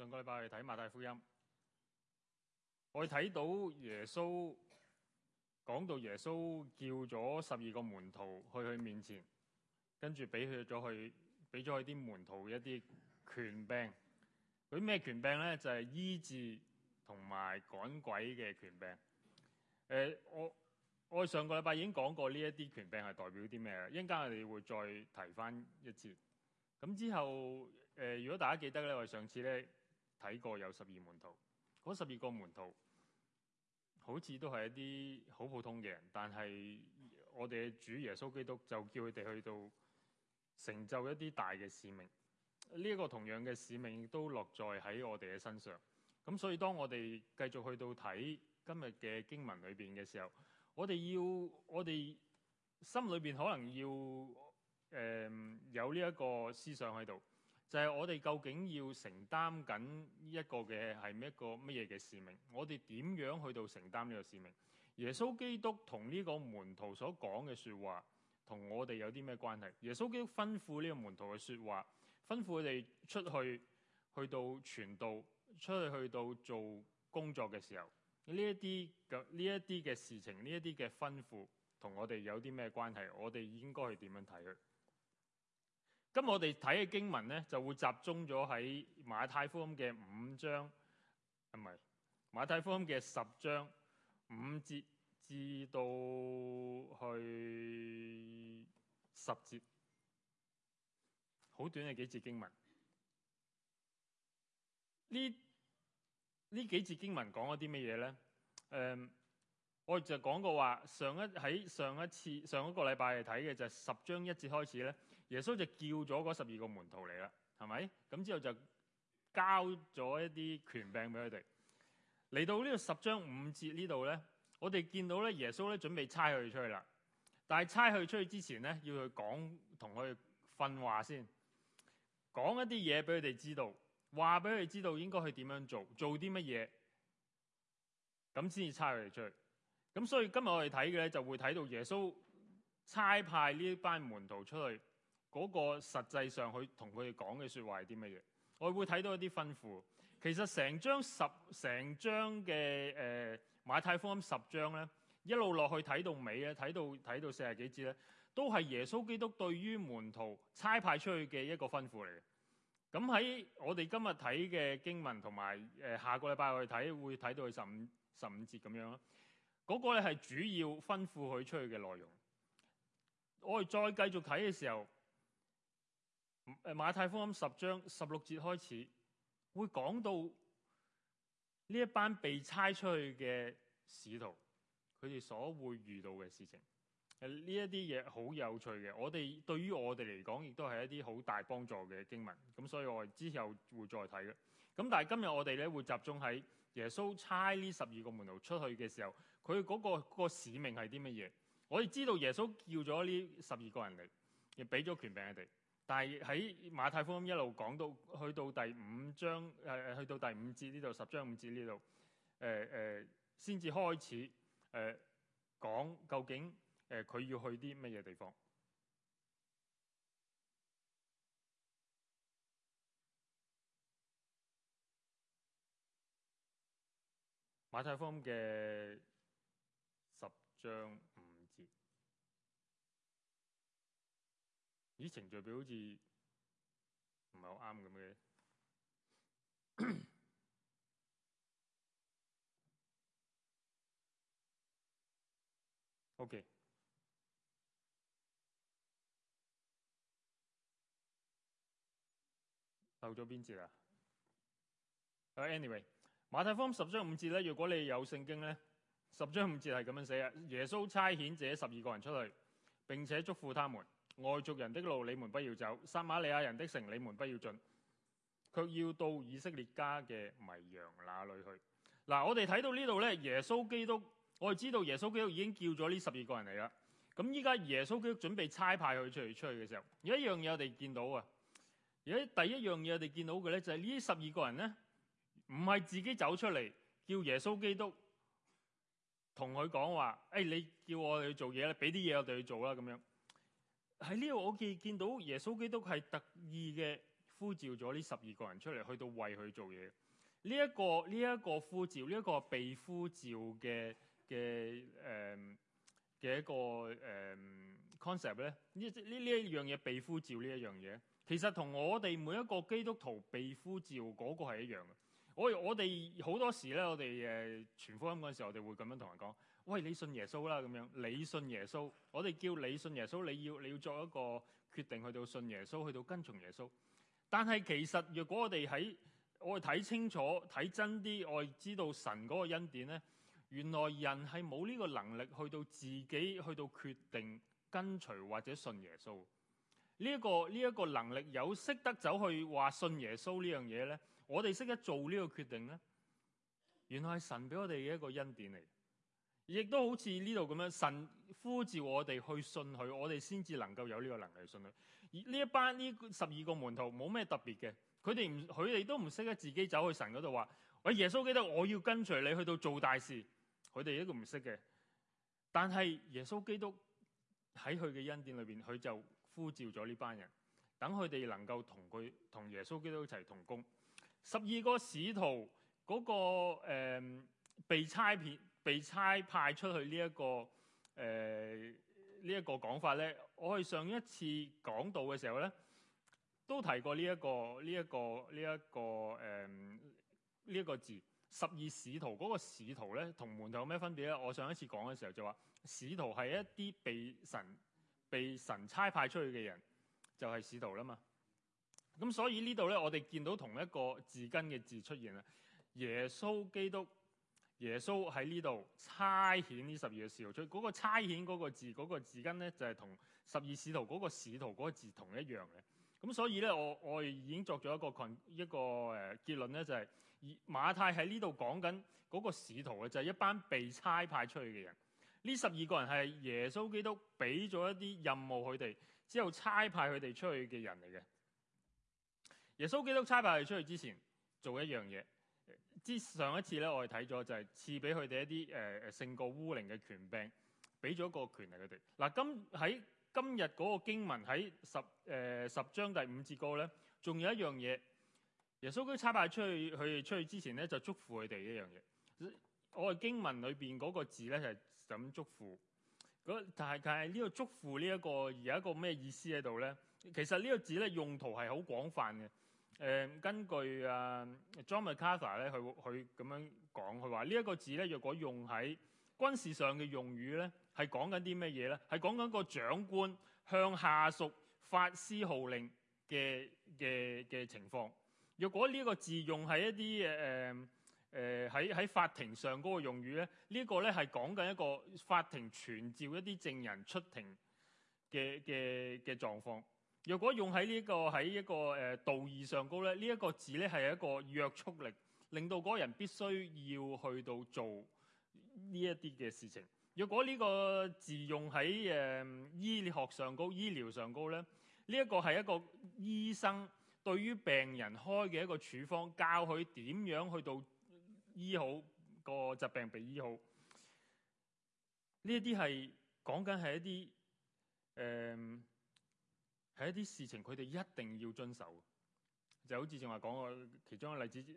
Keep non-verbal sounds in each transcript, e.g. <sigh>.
上個禮拜去睇《馬太福音》，我睇到耶穌講到耶穌叫咗十二個門徒去佢面前，跟住俾佢咗佢俾咗佢啲門徒一啲權柄。佢咩權柄咧？就係、是、醫治同埋趕鬼嘅權柄。誒、呃，我我上個禮拜已經講過呢一啲權柄係代表啲咩啦？一陣間我哋會再提翻一次。咁之後誒、呃，如果大家記得咧，我哋上次咧。睇過有十二門徒，嗰十二個門徒好似都係一啲好普通嘅人，但係我哋嘅主耶穌基督就叫佢哋去到成就一啲大嘅使命。呢一個同樣嘅使命都落在喺我哋嘅身上。咁所以當我哋繼續去到睇今日嘅經文裏面嘅時候，我哋要，我哋心裏面可能要、嗯、有呢一個思想喺度。就係、是、我哋究竟要承擔緊一個嘅係咩一個乜嘢嘅使命？我哋點樣去到承擔呢個使命？耶穌基督同呢個門徒所講嘅説話，同我哋有啲咩關係？耶穌基督吩咐呢個門徒嘅説話，吩咐佢哋出去去到傳道，出去去到做工作嘅時候，呢一啲嘅呢一啲嘅事情，呢一啲嘅吩咐，同我哋有啲咩關係？我哋應該去點樣睇佢？咁我哋睇嘅經文咧，就會集中咗喺馬太福音嘅五章，唔係馬太福音嘅十章五節至到去十節，好短嘅幾節經文。呢呢幾節經文講咗啲咩嘢咧？誒、嗯，我就講過話，上一喺上一次上一個禮拜嚟睇嘅就係十章一節開始咧。耶穌就叫咗嗰十二個門徒嚟啦，係咪？咁之後就交咗一啲權柄俾佢哋。嚟到呢個十章五節呢度呢，我哋見到呢，耶穌呢準備差佢哋出去啦。但係差佢出去之前呢，要去講同佢訓話先，講一啲嘢俾佢哋知道，話俾佢哋知道應該去點樣做，做啲乜嘢，咁先至差佢哋出去。咁所以今日我哋睇嘅呢，就會睇到耶穌差派呢班門徒出去。嗰個實際上佢同佢哋講嘅説話係啲乜嘢？我會睇到一啲吩咐。其實成張十成張嘅誒馬太福音十章呢，一路落去睇到尾咧，睇到睇到四十幾節呢，都係耶穌基督對於門徒差派出去嘅一個吩咐嚟。咁喺我哋今日睇嘅經文同埋誒下個禮拜我哋睇，會睇到佢十五十五節咁樣咯。嗰個咧係主要吩咐佢出去嘅內容。我哋再繼續睇嘅時候。誒馬太福音十章十六節開始，會講到呢一班被差出去嘅使徒，佢哋所會遇到嘅事情。誒呢一啲嘢好有趣嘅，我哋對於我哋嚟講，亦都係一啲好大幫助嘅經文。咁所以我哋之後會再睇嘅。咁但係今日我哋咧會集中喺耶穌差呢十二個門徒出去嘅時候，佢嗰個、嗰個使命係啲乜嘢？我哋知道耶穌叫咗呢十二個人嚟，亦俾咗權柄俾佢哋。但係喺馬太福音一路講到去到第五章，誒誒去到第五節呢度，十章五節呢度，誒誒先至開始誒講、呃、究竟誒佢、呃、要去啲乜嘢地方？馬太福音嘅十章。啲程序表好似唔係好啱咁嘅。OK，到咗邊節啊？anyway，馬太福音十章五節咧，如果你有聖經咧，十章五節係咁樣寫嘅。耶穌差遣這十二個人出去，並且祝福他們。外族人的路你們不要走，撒瑪利亞人的城你們不要進，卻要到以色列家嘅迷羊那裏去。嗱，我哋睇到呢度呢，耶穌基督我哋知道耶穌基督已經叫咗呢十二個人嚟啦。咁依家耶穌基督準備差派佢出嚟出去嘅時候，有一樣嘢我哋見到啊。而家第一樣嘢我哋見到嘅呢，就係呢十二個人呢，唔係自己走出嚟叫耶穌基督同佢講話，誒、哎，你叫我哋去做嘢啦，俾啲嘢我哋去做啦，咁樣。喺呢度我見見到耶穌基督係特意嘅呼召咗呢十二個人出嚟去到為佢做嘢。呢、這、一個呢一、這個呼召，呢、這、一個被呼召嘅嘅誒嘅一個誒、嗯、concept 咧，呢呢一樣嘢被呼召呢一樣嘢，其實同我哋每一個基督徒被呼召嗰、那個係一樣嘅。我我哋好多時咧，我哋誒傳福音嗰陣時候，我哋會咁樣同人講。喂，你信耶穌啦咁樣，你信耶穌，我哋叫你信耶穌。你要你要作一個決定，去到信耶穌，去到跟從耶穌。但係其實，若果我哋喺我哋睇清楚、睇真啲，我哋知道神嗰個恩典呢，原來人係冇呢個能力去到自己去到決定跟隨或者信耶穌。呢一個呢一個能力有識得走去話信耶穌呢樣嘢呢，我哋識得做呢個決定呢，原來係神俾我哋嘅一個恩典嚟。亦都好似呢度咁樣，神呼召我哋去信佢，我哋先至能夠有呢個能力信佢。而呢一班呢十二個門徒冇咩特別嘅，佢哋唔佢哋都唔識得自己走去神嗰度話，我耶穌基督，我要跟隨你去到做大事。佢哋一個唔識嘅。但係耶穌基督喺佢嘅恩典裏面，佢就呼召咗呢班人，等佢哋能夠同佢同耶穌基督一齊同工。十二個使徒嗰、那個、呃、被差遣。被差派出去呢一個誒，呢一個講法咧，我係上一次講到嘅時候咧，都提過呢一個呢一個呢一個誒呢一個字，十二使徒嗰個使徒咧，同門徒有咩分別咧？我上一次講嘅時候就話使徒係一啲被神被神差派出去嘅人，就係使徒啦嘛。咁所以呢度咧，我哋見到同一個字根嘅字出現啦，耶穌基督。耶穌喺呢度差遣呢十二個使徒，出去、那、嗰個差遣嗰個字，嗰、那個字根呢，就係、是、同十二使徒嗰個使徒嗰個字同一樣嘅。咁所以呢，我我已經作咗一個群一個誒、呃、結論咧，就係、是、馬太喺呢度講緊嗰個使徒嘅就係、是、一班被差派出去嘅人。呢十二個人係耶穌基督俾咗一啲任務佢哋之後差派佢哋出去嘅人嚟嘅。耶穌基督差派佢出去之前做一樣嘢。之上一次咧，我哋睇咗就係賜俾佢哋一啲誒誒勝過污靈嘅權柄，俾咗個權力佢哋。嗱、啊、今喺今日嗰個經文喺十誒、呃、十章第五節過咧，仲有一樣嘢，耶穌基督差派出去佢哋出去之前咧，就祝福佢哋一樣嘢。我哋經文裏邊嗰個字咧就係噉祝福。但係但係呢個祝福呢一個有一個咩意思喺度咧？其實呢個字咧用途係好廣泛嘅。嗯、根據啊、嗯，John MacArthur 咧，佢佢咁樣講，佢話呢一個字咧，若果用喺軍事上嘅用語咧，係講緊啲咩嘢咧？係講緊個長官向下屬發施號令嘅嘅嘅情況。若果呢個字用喺一啲誒誒喺喺法庭上嗰個用語咧，這個、呢個咧係講緊一個法庭傳召一啲證人出庭嘅嘅嘅狀況。若果用喺呢、這個喺一個誒、呃、道義上高呢，呢、這、一個字呢係一個約束力，令到嗰個人必須要去到做呢一啲嘅事情。若果呢個字用喺誒、呃、醫學上高、醫療上高呢，呢、這、一個係一個醫生對於病人開嘅一個處方，教佢點樣去到醫好個疾病被醫好。呢一啲係講緊係一啲誒。呃係一啲事情，佢哋一定要遵守的。就好似正話講個其中嘅例子，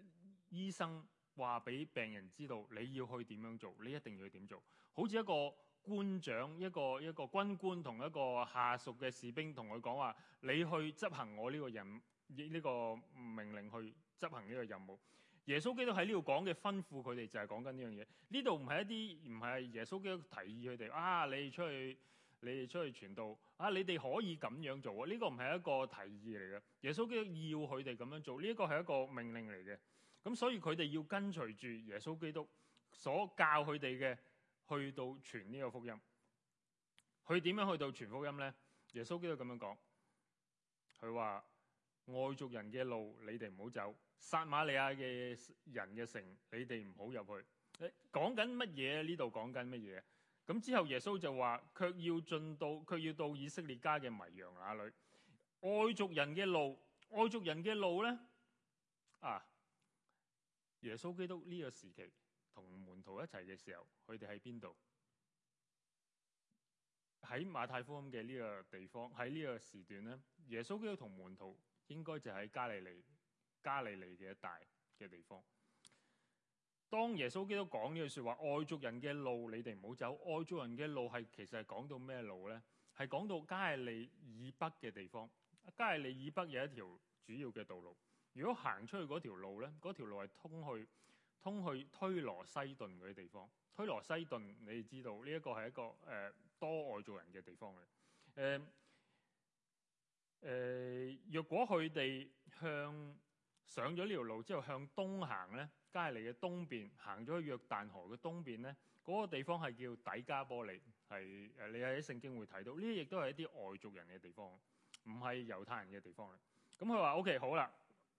醫生話俾病人知道你要去點樣做，你一定要去點做。好似一個官長，一個一個軍官同一個下屬嘅士兵，同佢講話，你去執行我呢個任呢個命令去執行呢個任務。耶穌基督喺呢度講嘅吩咐佢哋就係講緊呢樣嘢。呢度唔係一啲唔係耶穌基督提議佢哋啊，你出去。你哋出去傳道啊！你哋可以咁樣做啊！呢個唔係一個提議嚟嘅，耶穌基督要佢哋咁樣做，呢一個係一個命令嚟嘅。咁所以佢哋要跟隨住耶穌基督所教佢哋嘅，去到傳呢個福音。佢點樣去到傳福音呢？耶穌基督咁樣講，佢話外族人嘅路你哋唔好走，撒馬利亞嘅人嘅城你哋唔好入去。誒，講緊乜嘢？呢度講緊乜嘢？咁之後耶穌就話：卻要進到，佢要到以色列家嘅迷羊那裏。外族人嘅路，外族人嘅路咧。啊！耶穌基督呢個時期同門徒一齊嘅時候，佢哋喺邊度？喺馬太福音嘅呢個地方，喺呢個時段咧，耶穌基督同門徒應該就喺加利利，加利利嘅一帶嘅地方。當耶穌基督講呢句說話，外族人嘅路你哋唔好走。外族人嘅路係其實係講到咩路呢？係講到加利利以北嘅地方。加利利以北有一條主要嘅道路。如果行出去嗰條路呢，嗰條路係通去通去推羅西頓嗰啲地方。推羅西頓，你知道呢、這個、一個係一個多外族人嘅地方嘅。若、呃呃、果佢哋向上咗呢條路之後向東行呢。加利利嘅東邊行咗去約旦河嘅東邊呢，嗰個地方係叫底加波利，係誒你喺聖經會睇到，呢啲亦都係一啲外族人嘅地方，唔係猶太人嘅地方。咁佢話：OK，好啦，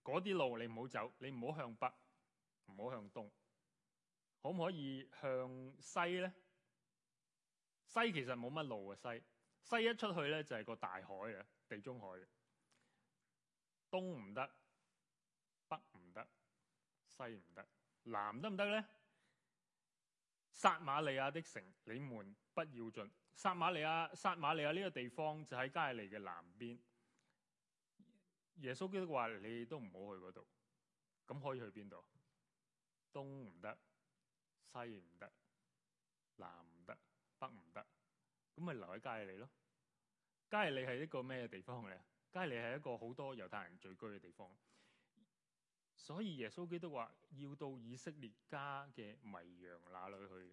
嗰啲路你唔好走，你唔好向北，唔好向東，可唔可以向西呢？西其實冇乜路嘅，西，西一出去呢，就係個大海嘅地中海，東唔得。西唔得，南得唔得呢？撒瑪利亞的城，你們不要進。撒瑪利亞，撒瑪利亞呢個地方就喺加利利嘅南邊。耶穌基督話：你都唔好去嗰度。咁可以去邊度？東唔得，西唔得，南唔得，北唔得。咁咪留喺加利利咯。加利利係一個咩地方呢？加利利係一個好多猶太人聚居嘅地方。所以耶穌基督話要到以色列家嘅迷羊那裏去？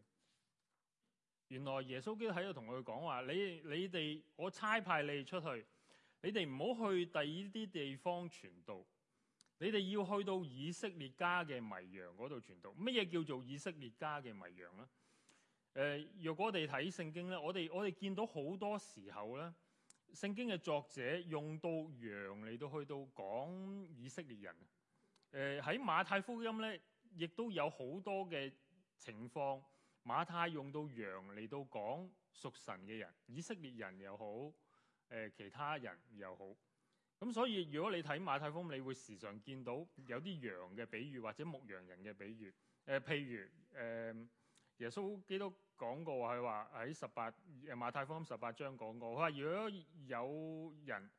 原來耶穌基督喺度同佢講話，你你哋我差派你出去，你哋唔好去第二啲地方傳道，你哋要去到以色列家嘅迷羊嗰度傳道。乜嘢叫做以色列家嘅迷羊呢？誒、呃，若果我哋睇聖經呢，我哋我哋見到好多時候呢，聖經嘅作者用到羊嚟到去到講以色列人。誒、呃、喺馬太福音咧，亦都有好多嘅情況，馬太用到羊嚟到講屬神嘅人，以色列人又好，誒、呃、其他人又好。咁所以如果你睇馬太福音，你會時常見到有啲羊嘅比喻或者牧羊人嘅比喻。誒、呃、譬如誒、呃，耶穌基督講過係話喺十八誒馬太福音十八章講過，佢話如果有人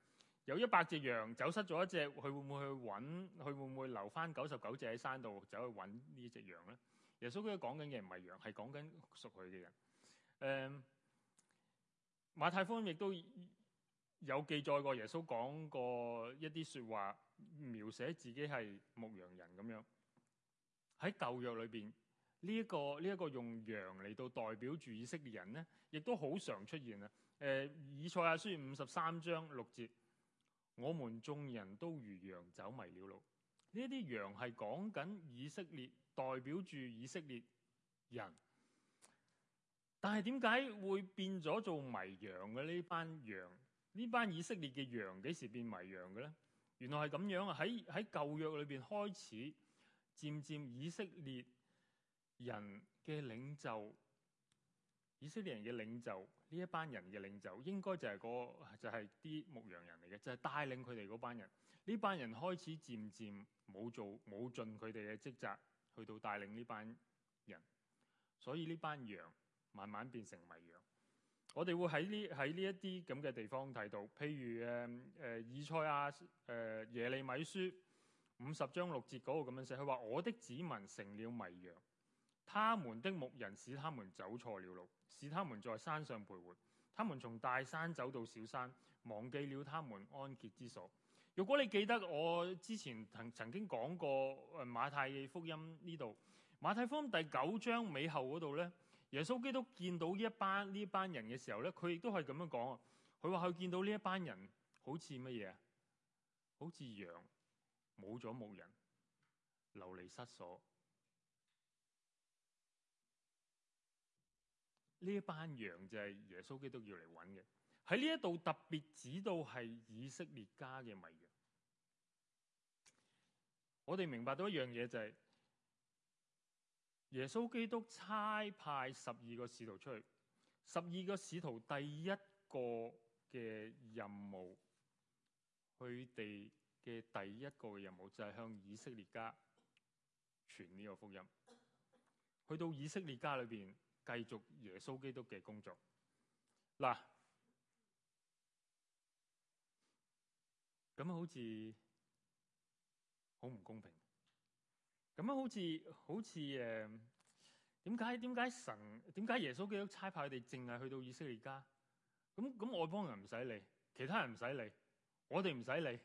有一百隻羊走失咗，一隻，佢會唔會去搵？佢會唔會留翻九十九隻喺山度走去搵呢隻羊咧？耶穌佢講緊嘅唔係羊，係講緊熟佢嘅人。誒、嗯，馬太福音亦都有記載過耶穌講過一啲說話，描寫自己係牧羊人咁樣。喺舊約裏邊呢一個呢一，這個用羊嚟到代表住以色列人咧，亦都好常出現、嗯、啊。誒，以賽亞書五十三章六節。我們眾人都如羊走迷了路，呢啲羊係講緊以色列，代表住以色列人。但係點解會變咗做迷羊嘅呢班羊？呢班以色列嘅羊幾時變迷羊嘅咧？原來係咁樣啊！喺喺舊約裏邊開始，漸漸以色列人嘅領袖，以色列人嘅領袖。呢一班人嘅領袖應該就係、那個就係、是、啲牧羊人嚟嘅，就係、是、帶領佢哋嗰班人。呢班人開始漸漸冇做冇盡佢哋嘅職責，去到帶領呢班人，所以呢班羊慢慢變成迷羊。我哋會喺呢喺呢一啲咁嘅地方睇到，譬如誒誒、呃、以賽亞誒耶利米書五十章六節嗰度咁樣寫，佢話我的子民成了迷羊。他們的牧人使他們走錯了路，使他們在山上徘徊。他們從大山走到小山，忘記了他們安歇之所。如果你記得我之前曾曾經講過馬太福音呢度，馬太福音第九章尾後嗰度咧，耶穌基督見到呢一班呢一班人嘅時候咧，佢亦都係咁樣講，佢話佢見到呢一班人好似乜嘢？好似羊冇咗牧人，流離失所。呢一班羊就係耶穌基督要嚟揾嘅，喺呢一度特別指到係以色列家嘅迷羊。我哋明白到一樣嘢就係，耶穌基督差派十二個使徒出去，十二個使徒第一個嘅任務，佢哋嘅第一個任務就係向以色列家傳呢個福音。去到以色列家裏邊。繼續耶穌基督嘅工作嗱，咁、啊、樣好似好唔公平，咁樣好似好似誒點解點解神點解耶穌基督差派佢哋淨係去到以色列家，咁咁外邦人唔使理，其他人唔使理，我哋唔使理。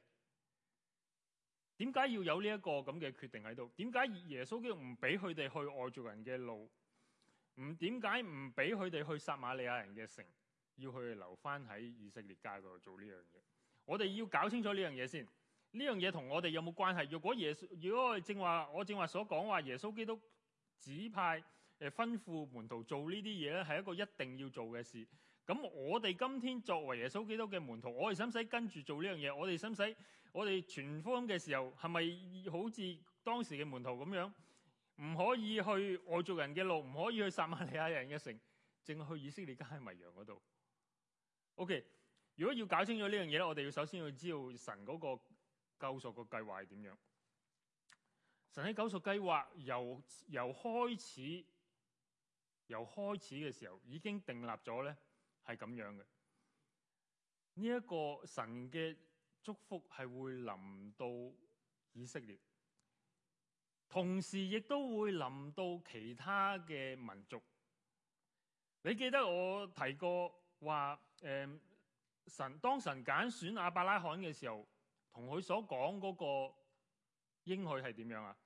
點解要有呢、這、一個咁嘅決定喺度？點解耶穌基督唔俾佢哋去外族人嘅路？唔，點解唔俾佢哋去撒瑪利亞人嘅城，要去留翻喺以色列家嗰度做呢樣嘢？我哋要搞清楚呢樣嘢先。呢樣嘢同我哋有冇關係？如果耶穌，如果正話，我正話所講話，耶穌基督指派誒吩咐門徒做呢啲嘢咧，係一個一定要做嘅事。咁我哋今天作為耶穌基督嘅門徒，我哋使唔使跟住做呢樣嘢？我哋使唔使？我哋傳福音嘅時候，係咪好似當時嘅門徒咁樣？唔可以去外族人嘅路，唔可以去撒瑪利亞人嘅城，淨去以色列家喺迷羊嗰度。O.K. 如果要搞清楚呢樣嘢咧，我哋要首先要知道神嗰個救贖個計劃係點樣。神喺救贖計劃由由開始由開始嘅時候已經訂立咗咧，係咁樣嘅。呢、這、一個神嘅祝福係會臨到以色列。同時亦都會臨到其他嘅民族。你記得我提過話，誒、嗯，神當神揀選亞伯拉罕嘅時候，同佢所講嗰個應許係點樣啊？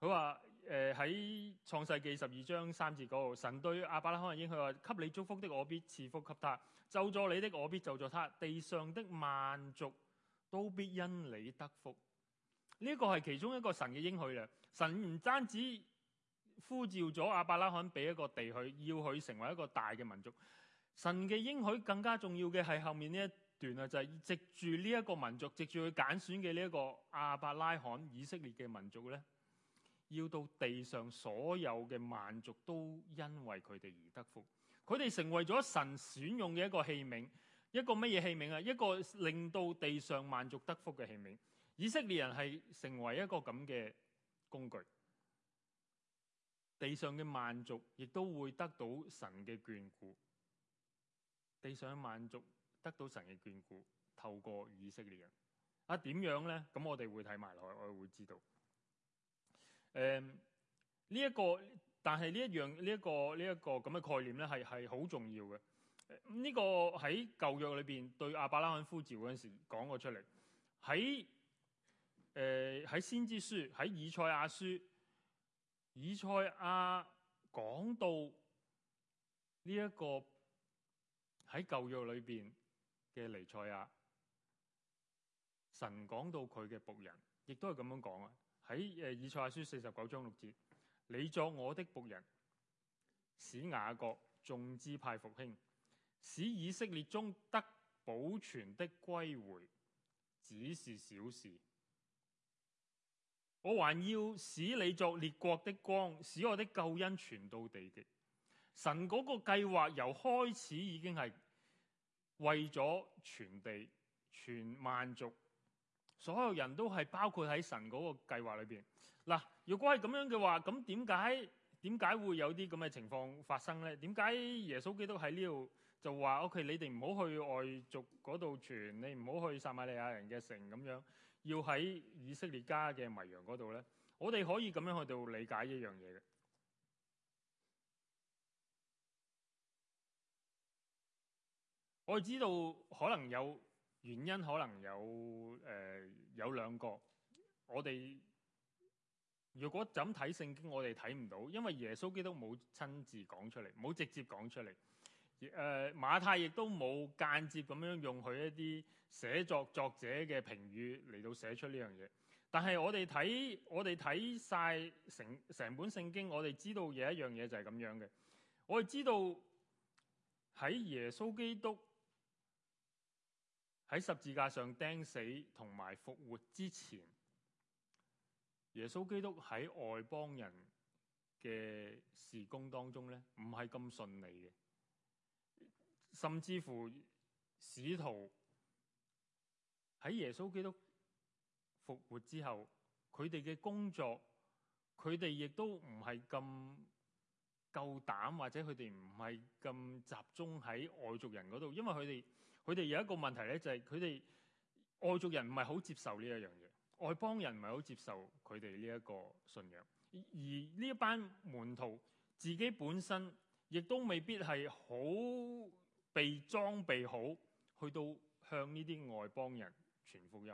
佢話，誒喺創世記十二章三節嗰度，神對亞伯拉罕嘅應許話：給你祝福的，我必賜福給他；咒詛你的，我必咒詛他；地上的萬族都必因你得福。呢個係其中一個神嘅應許咧。神唔單止呼召咗阿伯拉罕俾一個地佢，要佢成為一個大嘅民族。神嘅應許更加重要嘅係後面呢一段啊，就係藉住呢一個民族，藉住佢揀選嘅呢一個阿伯拉罕以色列嘅民族呢，要到地上所有嘅萬族都因為佢哋而得福。佢哋成為咗神選用嘅一個器皿，一個乜嘢器皿啊？一個令到地上萬族得福嘅器皿。以色列人係成為一個咁嘅工具，地上嘅萬族亦都會得到神嘅眷顧。地上嘅萬族得到神嘅眷顧，透過以色列人。啊，點樣咧？咁我哋會睇埋落去，我哋會知道。誒、嗯、呢、這、一個，但係呢一樣，呢、這、一個，呢、這、一個咁嘅、這個、概念呢係係好重要嘅。呢、這個喺舊約裏邊，對亞伯拉罕呼召嗰陣時講過出嚟，喺。誒、呃、喺先知書，喺以賽亞書，以賽亞講到呢一個喺舊約裏邊嘅尼賽亞，神講到佢嘅僕人，亦都係咁樣講啊。喺誒以賽亞書四十九章六節，你作我的僕人，使雅各眾支派復興，使以色列中得保存的歸回，只是小事。我還要使你作列國的光，使我的救恩傳到地極。神嗰個計劃由開始已經係為咗全地、全萬族，所有人都係包括喺神嗰個計劃裏邊。嗱，如果係咁樣嘅話，咁點解，點解會有啲咁嘅情況發生呢？點解耶穌基督喺呢度就話 <music> ：，OK，你哋唔好去外族嗰度傳，你唔好去撒瑪利亞人嘅城咁樣。等等要喺以色列家嘅迷羊嗰度呢，我哋可以咁樣去到理解一樣嘢嘅。我知道可能有原因，可能有誒、呃、有兩個。我哋如果就咁睇聖經，我哋睇唔到，因為耶穌基督冇親自講出嚟，冇直接講出嚟。誒馬太亦都冇間接咁樣用佢一啲寫作作者嘅評語嚟到寫出呢樣嘢。但係我哋睇我哋睇晒成成本聖經，我哋知道有一樣嘢就係咁樣嘅。我哋知道喺耶穌基督喺十字架上釘死同埋復活之前，耶穌基督喺外邦人嘅事工當中呢，唔係咁順利嘅。甚至乎使徒喺耶穌基督復活之後，佢哋嘅工作，佢哋亦都唔係咁夠膽，或者佢哋唔係咁集中喺外族人嗰度，因為佢哋佢哋有一個問題呢，就係佢哋外族人唔係好接受呢一樣嘢，外邦人唔係好接受佢哋呢一個信仰，而呢一班門徒自己本身亦都未必係好被裝備好，去到向呢啲外邦人傳福音。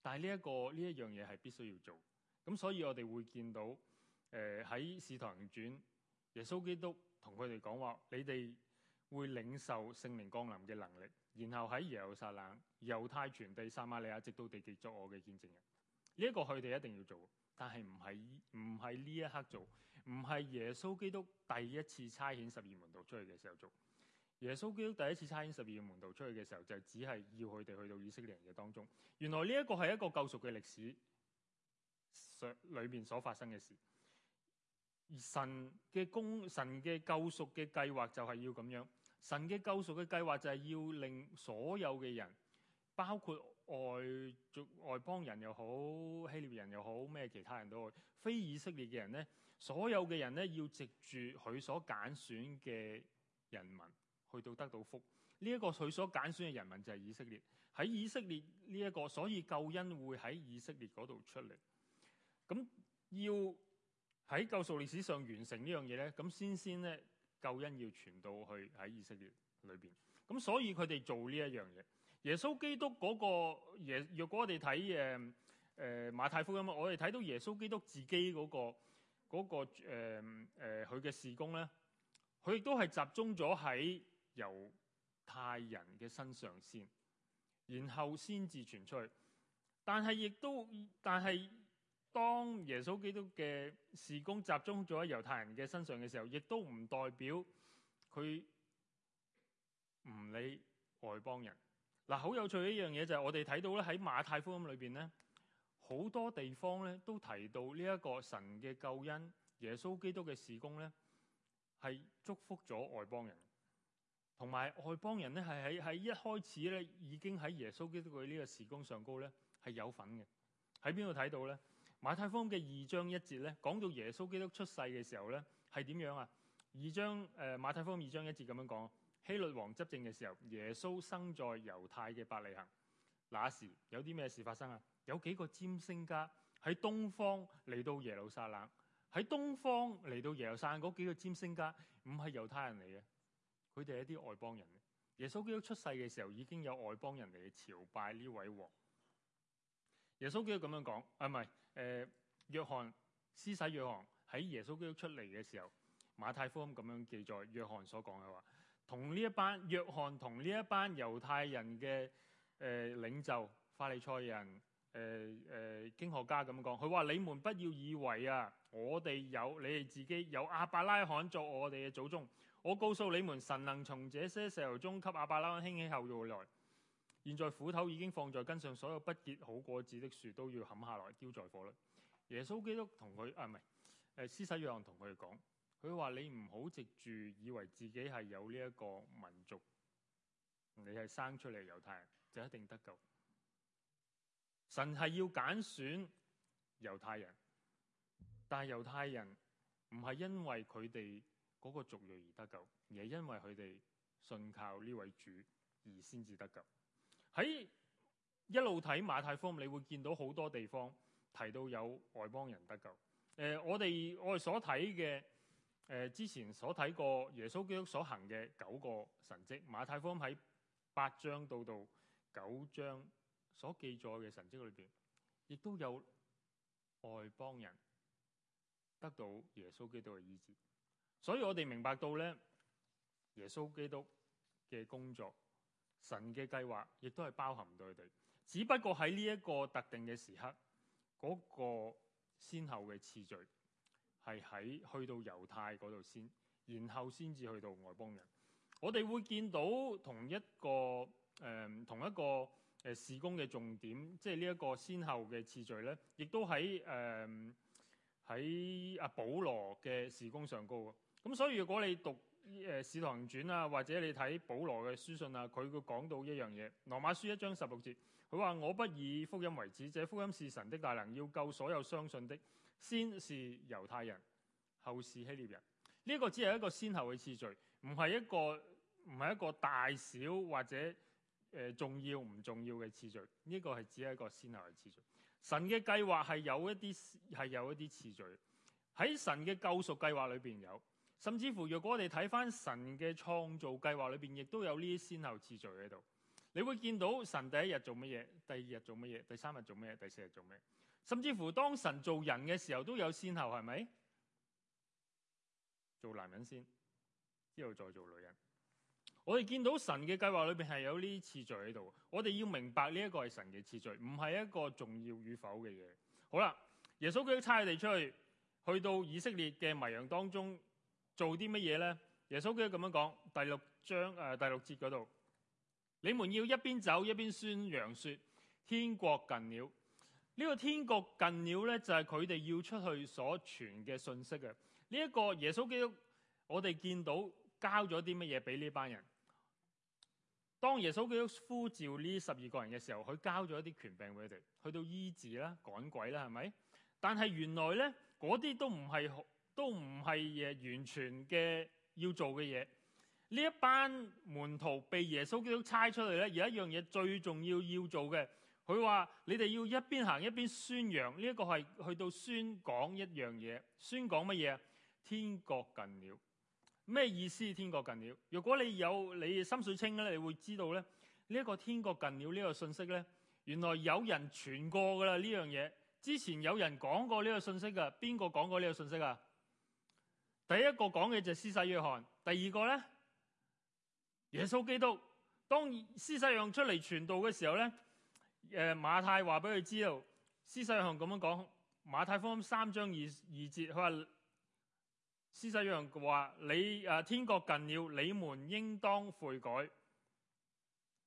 但係呢、這個、一個呢一樣嘢係必須要做。咁所以我哋會見到，誒、呃、喺《使徒行傳》耶穌基督同佢哋講話，你哋會領受聖靈降臨嘅能力。然後喺耶路撒冷，猶太傳地撒瑪利亞，直到地極作我嘅見證人。呢、這、一個佢哋一定要做，但係唔係唔係呢一刻做。唔係耶穌基督第一次差遣十二門徒出去嘅時候做。耶穌基督第一次差遣十二門徒出去嘅時候，就只係要佢哋去到以色列人嘅當中。原來呢一個係一個救贖嘅歷史上裏邊所發生嘅事。而神嘅功神嘅救贖嘅計劃就係要咁樣。神嘅救贖嘅計劃就係要令所有嘅人，包括。外族、外邦人又好，希臘人又好，咩其他人都好，非以色列嘅人呢，所有嘅人呢，要藉住佢所揀選嘅人民去到得到福。呢、這、一個佢所揀選嘅人民就係以色列。喺以色列呢、這、一個，所以救恩會喺以色列嗰度出嚟。咁要喺救贖歷史上完成呢樣嘢呢？咁先先呢，救恩要傳到去喺以色列裏邊。咁所以佢哋做呢一樣嘢。耶穌基督嗰個耶，若果我哋睇，誒誒馬太福音啊，我哋睇到耶穌基督自己嗰個嗰個，誒誒佢嘅事工咧，佢亦都係集中咗喺猶太人嘅身上先，然後先至傳出去。但係亦都，但係當耶穌基督嘅事工集中咗喺猶太人嘅身上嘅時候，亦都唔代表佢唔理外邦人。嗱，好有趣嘅一樣嘢就係，我哋睇到咧，喺馬太福音裏邊咧，好多地方咧都提到呢一個神嘅救恩，耶穌基督嘅事工咧，係祝福咗外邦人，同埋外邦人咧係喺喺一開始咧已經喺耶穌基督嘅呢個事工上高咧係有份嘅。喺邊度睇到咧？馬太福音嘅二章一節咧講到耶穌基督出世嘅時候咧係點樣啊？二章誒馬太福音二章一節咁樣講。希律王執政嘅時候，耶穌生在猶太嘅伯利恒。那時有啲咩事發生啊？有幾個占星家喺東方嚟到耶路撒冷，喺東方嚟到耶路撒冷，那嗰幾個占星家唔係猶太人嚟嘅，佢哋係一啲外邦人。耶穌基督出世嘅時候已經有外邦人嚟朝拜呢位王。耶穌基督咁樣講，啊唔係，誒約翰，施洗約翰喺耶穌基督出嚟嘅時候，馬太福音咁樣記載約翰所講嘅話。同呢一班約翰同呢一班猶太人嘅誒、呃、領袖法利賽人誒、呃呃、經學家咁講，佢話你們不要以為啊，我哋有你哋自己有亞伯拉罕做我哋嘅祖宗。我告訴你們神能從這些石頭中給亞伯拉罕興起後裔來。現在斧頭已經放在根上，所有不結好果子的樹都要砍下來丟在火裏。耶穌基督同佢啊唔係誒施洗約翰同佢哋講。佢話：你唔好藉住以為自己係有呢一個民族，你係生出嚟猶太人就一定得救。神係要揀選猶太人，但係猶太人唔係因為佢哋嗰個族裔而得救，而係因為佢哋信靠呢位主而先至得救。喺一路睇馬太福音，你會見到好多地方提到有外邦人得救。誒、呃，我哋我哋所睇嘅。誒，之前所睇過耶穌基督所行嘅九個神蹟，馬太福音喺八章到到九章所記載嘅神蹟裏面，亦都有外邦人得到耶穌基督嘅意志。所以我哋明白到咧，耶穌基督嘅工作、神嘅計劃，亦都係包含到佢哋。只不過喺呢一個特定嘅時刻，嗰、嗰個先後嘅次序。係喺去到猶太嗰度先，然後先至去到外邦人。我哋會見到同一個誒、嗯、同一個誒事工嘅重點，即係呢一個先後嘅次序呢，亦都喺誒喺阿保羅嘅事工上高嘅。咁所以如果你讀誒《使徒行傳》啊，或者你睇保羅嘅書信啊，佢會講到一樣嘢，《羅馬書》一章十六節，佢話：我不以福音為恥，這福音是神的大能，要救所有相信的，先是猶太人，後是希臘人。呢、這個只係一個先後嘅次序，唔係一個唔係一個大小或者誒、呃、重要唔重要嘅次序。呢、這個係只係一個先後嘅次序。神嘅計劃係有一啲係有一啲次序喺神嘅救贖計劃裏邊有，甚至乎若果我哋睇翻神嘅創造計劃裏邊，亦都有呢啲先後次序喺度。你會見到神第一日做乜嘢，第二日做乜嘢，第三日做乜嘢，第四日做咩。甚至乎當神做人嘅時候都有先後，係咪？做男人先，之後再做女人。我哋見到神嘅計劃裏邊係有呢次序喺度。我哋要明白呢一個係神嘅次序，唔係一個重要與否嘅嘢。好啦，耶穌基督差佢哋出去，去到以色列嘅迷羊當中做啲乜嘢呢？耶穌基督咁樣講，第六章誒、呃、第六節嗰度，你們要一邊走一邊宣揚，説天國近了。呢、這個天國近鳥呢，就係佢哋要出去所傳嘅信息嘅。呢、這、一個耶穌基督，我哋見到交咗啲乜嘢俾呢班人。當耶穌基督呼召呢十二個人嘅時候，佢交咗一啲權柄俾佢哋，去到醫治啦、趕鬼啦，係咪？但係原來呢，嗰啲都唔係，都唔係完全嘅要做嘅嘢。呢一班門徒被耶穌基督差出嚟呢，有一樣嘢最重要要做嘅。佢話你哋要一邊行一邊宣揚，呢一個係去到宣講一樣嘢，宣講乜嘢？天國近了，咩意思？天國近了。如果你有你心水清咧，你會知道咧，呢一個天國近了呢個信息咧，原來有人傳過噶啦呢樣嘢。之前有人講過呢個信息㗎，邊個講過呢個信息啊？第一個講嘅就施洗約翰，第二個咧，耶穌基督當施洗約翰出嚟傳道嘅時候咧。誒馬太話俾佢知道，施世陽咁樣講。馬太福音三章二二節，佢話施世陽話你誒，天國近了，你們應當悔改。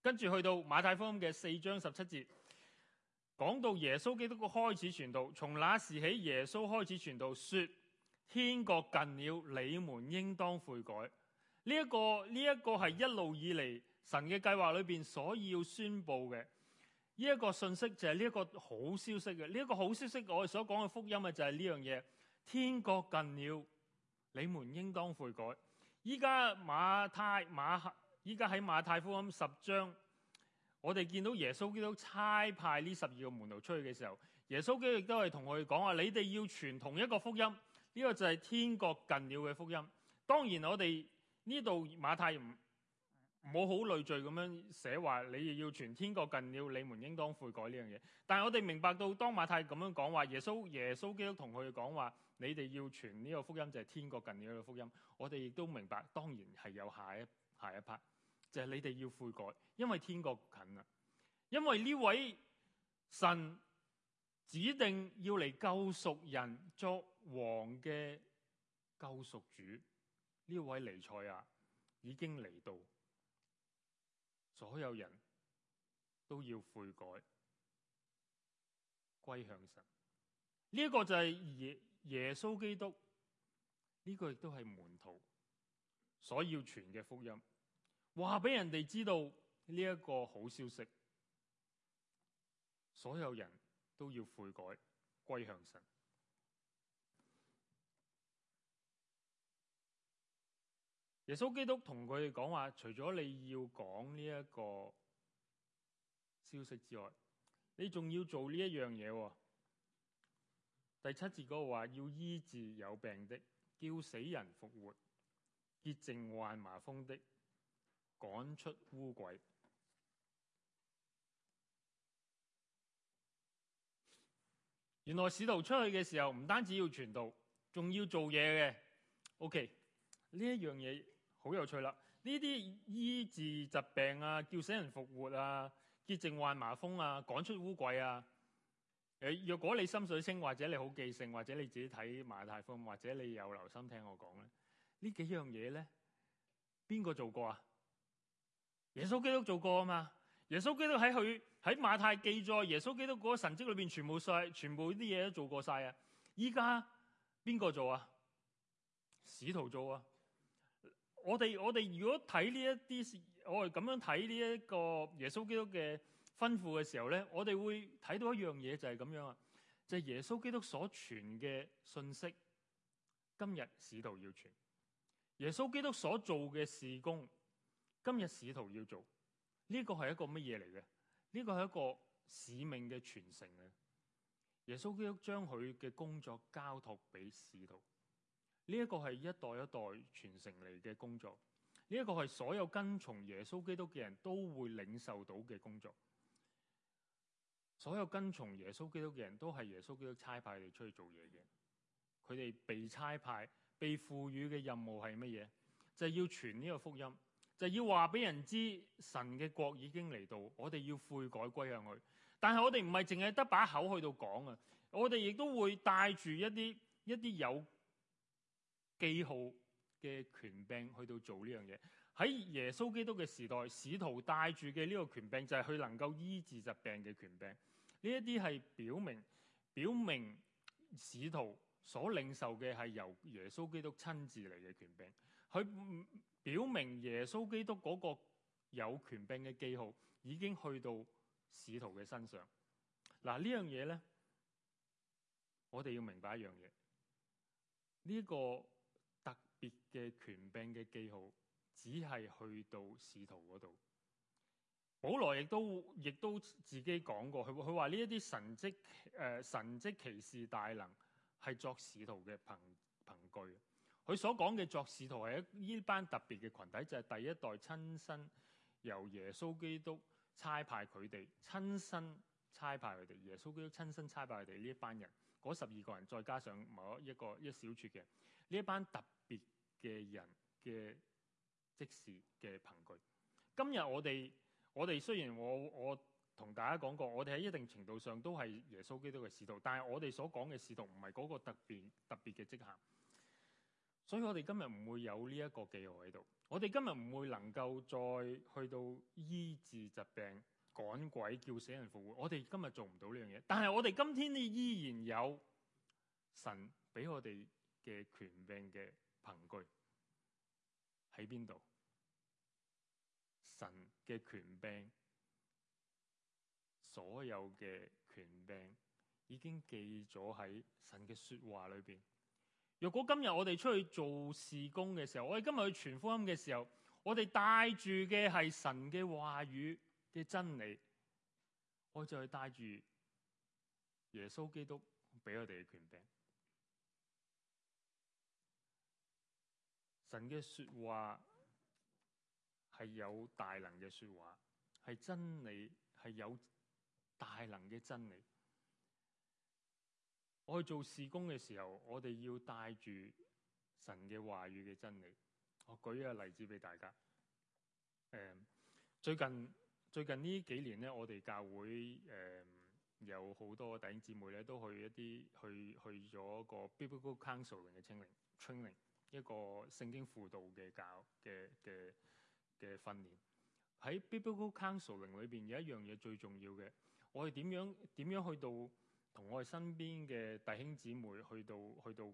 跟住去到馬太福音嘅四章十七節，講到耶穌基督嘅開始傳道，從那時起，耶穌開始傳道，説天國近了，你們應當悔改。呢、這、一個呢一、這個係一路以嚟神嘅計劃裏邊所要宣佈嘅。呢一個信息就係呢一個好消息嘅，呢一個好消息，我哋所講嘅福音咪就係呢樣嘢，天國近了，你們應當悔改。依家馬太馬依家喺馬太福音十章，我哋見到耶穌基督差派呢十二個門徒出去嘅時候，耶穌基督亦都係同佢哋講話，你哋要傳同一個福音，呢個就係天國近了嘅福音。當然我哋呢度馬太唔唔好累贅咁樣寫話，你哋要傳天國近了，你們應當悔改呢樣嘢。但係我哋明白到，當馬太咁樣講話，耶穌耶穌基督同佢講話，你哋要傳呢個福音，就係天國近了嘅福音。我哋亦都明白，當然係有下一下一 part，就係你哋要悔改，因為天國近啦。因為呢位神指定要嚟救贖人作王嘅救贖主，呢位尼賽亞已經嚟到。所有人都要悔改，歸向神。呢個就係耶耶穌基督，呢個亦都係門徒所要傳嘅福音，話俾人哋知道呢一個好消息。所有人都要悔改，歸向神。耶穌基督同佢哋講話，除咗你要講呢一個消息之外，你仲要做呢一樣嘢。第七節嗰個話要醫治有病的，叫死人復活，潔淨患麻風的，趕出污鬼。原來使徒出去嘅時候，唔單止要傳道，仲要做嘢嘅。O.K. 呢一樣嘢。好有趣啦！呢啲醫治疾病啊，叫死人復活啊，潔淨患麻風啊，趕出污鬼啊。若果你心水清，或者你好記性，或者你自己睇馬太福音，或者你有留心聽我講咧，呢幾樣嘢咧，邊個做過啊？耶穌基督做過啊嘛！耶穌基督喺佢喺馬太記載，耶穌基督嗰神蹟裏邊全部晒，全部啲嘢都做過晒啊！依家邊個做啊？使徒做啊！我哋我哋如果睇呢一啲，我哋咁樣睇呢一個耶穌基督嘅吩咐嘅時候咧，我哋會睇到一樣嘢就係咁樣啊，就係耶穌基督所傳嘅信息，今日使徒要傳；耶穌基督所做嘅事工，今日使徒要做。呢個係一個乜嘢嚟嘅？呢個係一個使命嘅傳承啊！耶穌基督將佢嘅工作交託俾使徒。呢一個係一代一代傳承嚟嘅工作，呢一個係所有跟從耶穌基督嘅人都會領受到嘅工作。所有跟從耶穌基督嘅人都係耶穌基督差派嚟出去做嘢嘅。佢哋被差派、被賦予嘅任務係乜嘢？就係要傳呢個福音，就係要話俾人知神嘅國已經嚟到，我哋要悔改歸向佢。但係我哋唔係淨係得把口去到講啊，我哋亦都會帶住一啲一啲有記號嘅權柄去到做呢樣嘢。喺耶穌基督嘅時代，使徒帶住嘅呢個權柄就係佢能夠醫治疾病嘅權柄。呢一啲係表明表明使徒所領受嘅係由耶穌基督親自嚟嘅權柄。佢表明耶穌基督嗰個有權柄嘅記號已經去到使徒嘅身上。嗱，呢樣嘢呢，我哋要明白一樣嘢呢個。別嘅權柄嘅記號，只係去到使徒嗰度。保羅亦都亦都自己講過，佢佢話呢一啲神蹟誒、呃、神蹟奇事大能係作使徒嘅憑憑據。佢所講嘅作使徒係呢班特別嘅群體，就係、是、第一代親身由耶穌基督差派佢哋，親身差派佢哋，耶穌基督親身差派佢哋呢一班人，嗰十二個人再加上某一個一小撮嘅。呢班特別嘅人嘅職事嘅憑據。今日我哋我哋雖然我我同大家講過，我哋喺一定程度上都係耶穌基督嘅使徒，但係我哋所講嘅使徒唔係嗰個特別特別嘅職行。所以我哋今日唔會有呢一個記號喺度。我哋今日唔會能夠再去到醫治疾病、趕鬼、叫死人復活。我哋今日做唔到呢樣嘢。但係我哋今天呢依然有神俾我哋嘅權柄嘅憑據喺邊度？神嘅權柄，所有嘅權柄已經記咗喺神嘅說話裏邊。如果今日我哋出去做事工嘅時候，我哋今日去傳福音嘅時候，我哋帶住嘅係神嘅話語嘅真理，我就去帶住耶穌基督俾我哋嘅權柄。神嘅説話係有大能嘅説話，係真理，係有大能嘅真理。我去做事工嘅時候，我哋要帶住神嘅話語嘅真理。我舉一個例子俾大家。誒，最近最近呢幾年咧，我哋教會誒、嗯、有好多弟兄姊妹咧，都去一啲去去咗個 biblical counselling 嘅清零 training。一個聖經輔導嘅教嘅嘅嘅訓練，喺 Biblical Counseling 裏面有一樣嘢最重要嘅。我哋點樣點樣去到同我哋身邊嘅弟兄姊妹去到去到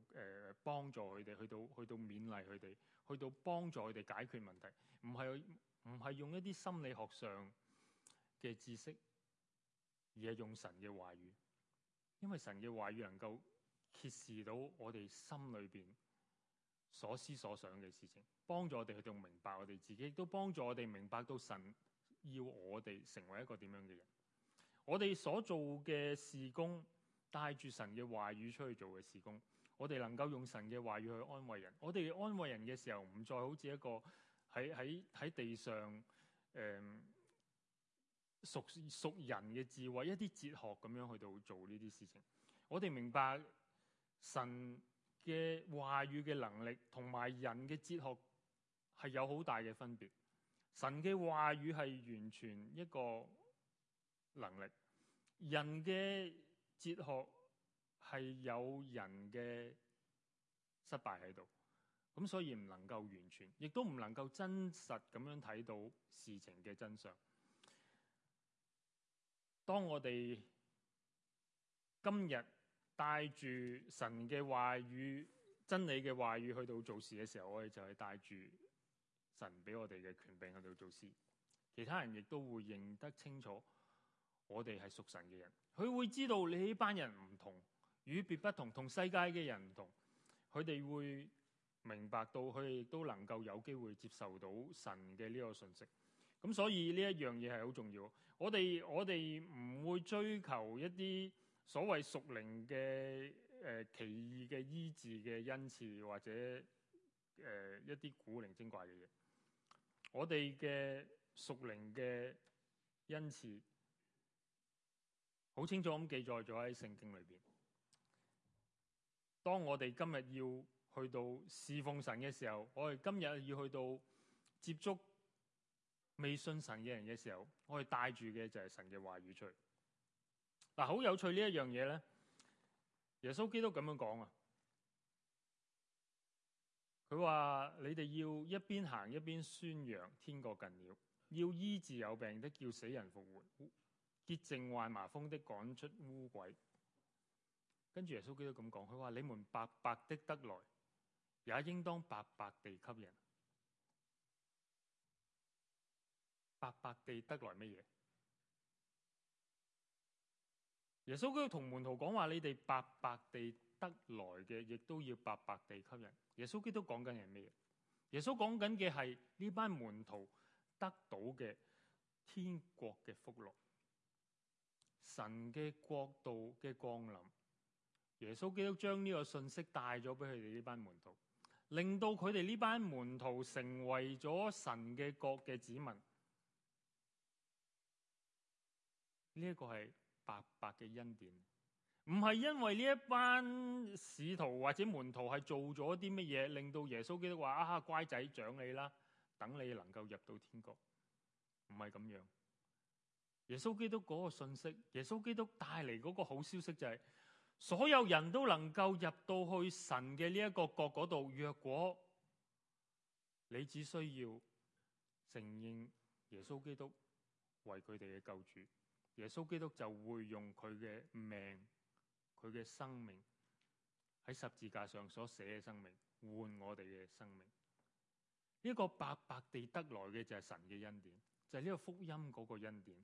幫助佢哋，去到、呃、佢哋去到去到勉勵佢哋，去到幫助佢哋解決問題，唔係唔係用一啲心理學上嘅知識，而係用神嘅話語，因為神嘅話語能夠揭示到我哋心裏邊。所思所想嘅事情，幫助我哋去到明白我哋自己，都幫助我哋明白到神要我哋成為一個點樣嘅人。我哋所做嘅事工，帶住神嘅話語出去做嘅事工，我哋能夠用神嘅話語去安慰人。我哋安慰人嘅時候，唔再好似一個喺喺喺地上、呃、熟熟人嘅智慧，一啲哲學咁樣去到做呢啲事情。我哋明白神。嘅話語嘅能力，同埋人嘅哲學係有好大嘅分別。神嘅話語係完全一個能力，人嘅哲學係有人嘅失敗喺度，咁所以唔能夠完全，亦都唔能夠真實咁樣睇到事情嘅真相。當我哋今日帶住神嘅話語、真理嘅話語去到做事嘅時候，我哋就係帶住神俾我哋嘅權柄去到做事。其他人亦都會認得清楚，我哋係屬神嘅人。佢會知道你呢班人唔同，與別不同，同世界嘅人唔同。佢哋會明白到，佢哋都能夠有機會接受到神嘅呢個信息。咁所以呢一樣嘢係好重要的。我哋我哋唔會追求一啲。所謂屬靈嘅誒、呃、奇異嘅醫治嘅恩賜，或者誒、呃、一啲古靈精怪嘅嘢，我哋嘅屬靈嘅恩賜好清楚咁記載咗喺聖經裏邊。當我哋今日要去到侍奉神嘅時候，我哋今日要去到接觸未信神嘅人嘅時候，我哋帶住嘅就係神嘅話語出嚟。嗱、啊，好有趣一呢一樣嘢咧！耶穌基督咁樣講啊，佢話：你哋要一邊行一邊宣揚，天國近了；要醫治有病的，叫死人復活，潔淨患麻風的，趕出污鬼。跟住耶穌基督咁講，佢話：你們白白的得來，也應當白白地給人。白白地得來乜嘢？耶穌基督同門徒講話：你哋白白地得來嘅，亦都要白白地吸引。耶穌基督都講緊嘅係咩？耶穌講緊嘅係呢班門徒得到嘅天國嘅福樂，神嘅國度嘅降臨。耶穌基督將呢個信息帶咗畀佢哋呢班門徒，令到佢哋呢班門徒成為咗神嘅國嘅子民。呢一個係。白白嘅恩典，唔係因為呢一班使徒或者門徒係做咗啲乜嘢，令到耶穌基督話啊乖仔，獎你啦，等你能夠入到天國，唔係咁樣。耶穌基督嗰個信息，耶穌基督帶嚟嗰個好消息就係，所有人都能夠入到去神嘅呢一個國嗰度，若果你只需要承認耶穌基督為佢哋嘅救主。耶穌基督就會用佢嘅命，佢嘅生命喺十字架上所寫嘅生命換我哋嘅生命。呢、這個白白地得來嘅就係神嘅恩典，就係呢個福音嗰個恩典。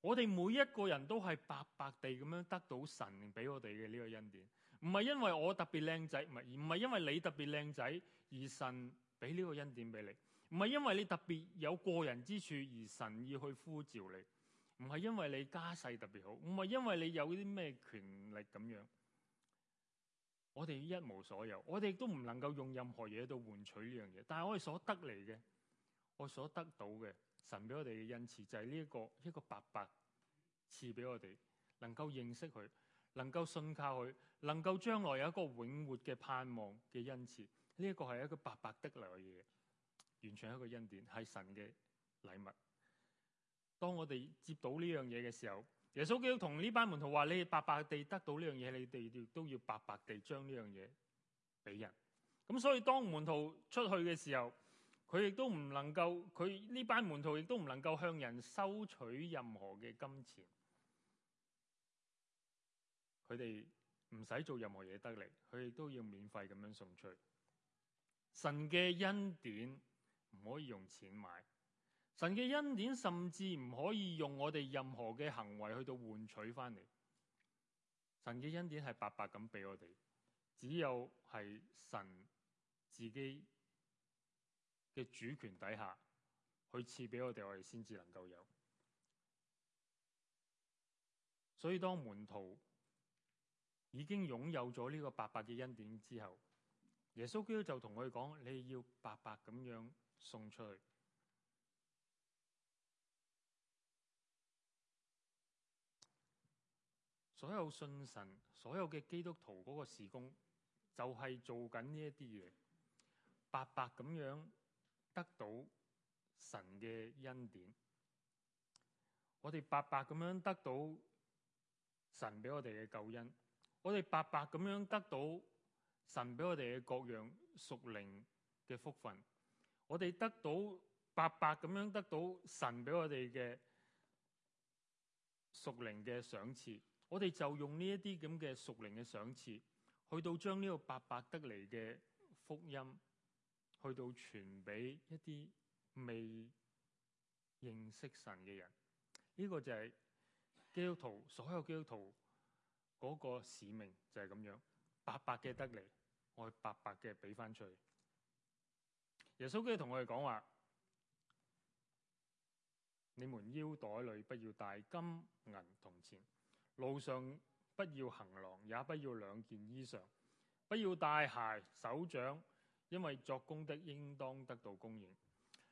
我哋每一個人都係白白地噉樣得到神畀我哋嘅呢個恩典，唔係因為我特別靚仔，唔係因為你特別靚仔而神畀呢個恩典俾你，唔係因為你特別有過人之處而神要去呼召你。唔係因為你家世特別好，唔係因為你有啲咩權力咁樣，我哋一無所有，我哋亦都唔能夠用任何嘢都換取呢樣嘢。但係我哋所得嚟嘅，我所得到嘅，這個，神俾我哋嘅恩賜就係呢一個一個白白賜俾我哋，能夠認識佢，能夠信靠佢，能夠將來有一個永活嘅盼望嘅恩賜。呢、這、一個係一個白白得嚟嘅嘢，完全係一個恩典，係神嘅禮物。當我哋接到呢樣嘢嘅時候，耶穌基督同呢班門徒話：你哋白白地得到呢樣嘢，你哋亦都要白白地將呢樣嘢俾人。咁所以當門徒出去嘅時候，佢亦都唔能夠，佢呢班門徒亦都唔能夠向人收取任何嘅金錢。佢哋唔使做任何嘢得嚟，佢哋都要免費咁樣送出。神嘅恩典唔可以用錢買。神嘅恩典甚至唔可以用我哋任何嘅行為去到換取翻嚟，神嘅恩典係白白咁俾我哋，只有係神自己嘅主權底下，去賜俾我哋，我哋先至能夠有。所以當門徒已經擁有咗呢個白白嘅恩典之後，耶穌基督就同佢講，你要白白咁樣送出去。所有信神、所有嘅基督徒嗰個事工，就係、是、做緊呢一啲嘢，白白咁樣得到神嘅恩典。我哋白白咁樣得到神俾我哋嘅救恩，我哋白白咁樣得到神俾我哋嘅各樣屬靈嘅福分。我哋得到白白咁樣得到神俾我哋嘅屬靈嘅賞賜。我哋就用呢一啲咁嘅屬靈嘅賞賜，去到將呢個白白得嚟嘅福音，去到傳畀一啲未認識神嘅人。呢、這個就是基督徒，所有基督徒嗰個使命就是這樣，白白嘅得嚟，我白白嘅畀出去。耶穌基督同我哋講話，你們腰袋裏不要帶金銀銅錢。路上不要行囊，也不要兩件衣裳，不要帶鞋、手杖，因為作工的應當得到供應。